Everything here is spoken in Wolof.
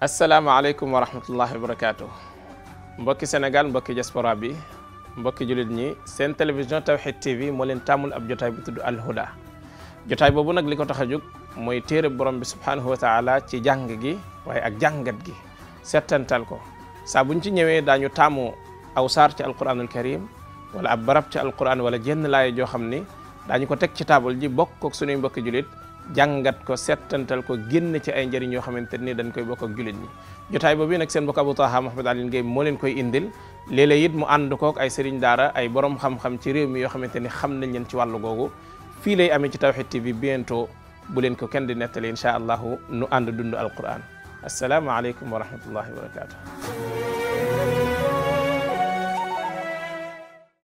asalaamaaleykum wa rahmatullahi wa barakaatu. mbokki Sénégal mbokki diaspora bi mbokki jullit ñi seen télévision Tawhid TV moo leen tàmmul ab jotaay bu tudd Al jotaay boobu nag li ko tax a jóg mooy téere borom bi subhaanahu wa taala ci jàng gi waaye ak jàngat gi settantal ko saa buñ ci ñëwee daañu taamu aw saar ci alquranul karim wala ab barab ci alquran wala jenn laay joo xam ni daañu ko teg ci taabal ji bokk ak sunuy mbokki julit jàngat ko settantal ko génn ci ay njëriñ yoo xamante ni dañ koy bokk ak julit ñi jotaay boobu nag seen mbokk Abou Taha Mouhamed Alioune Gueye moo leen koy indil léeg it mu ànd kook ay sëriñ daara ay borom xam-xam ci réew mi yoo xamante ni xam nañ leen ci wàllu googu fii lay amee ci Tawhid TV bientôt bu leen ko kenn di nettali incha allahu nu ànd dund alquran asalaamaaleykum wa rahmatullahi wa barakatu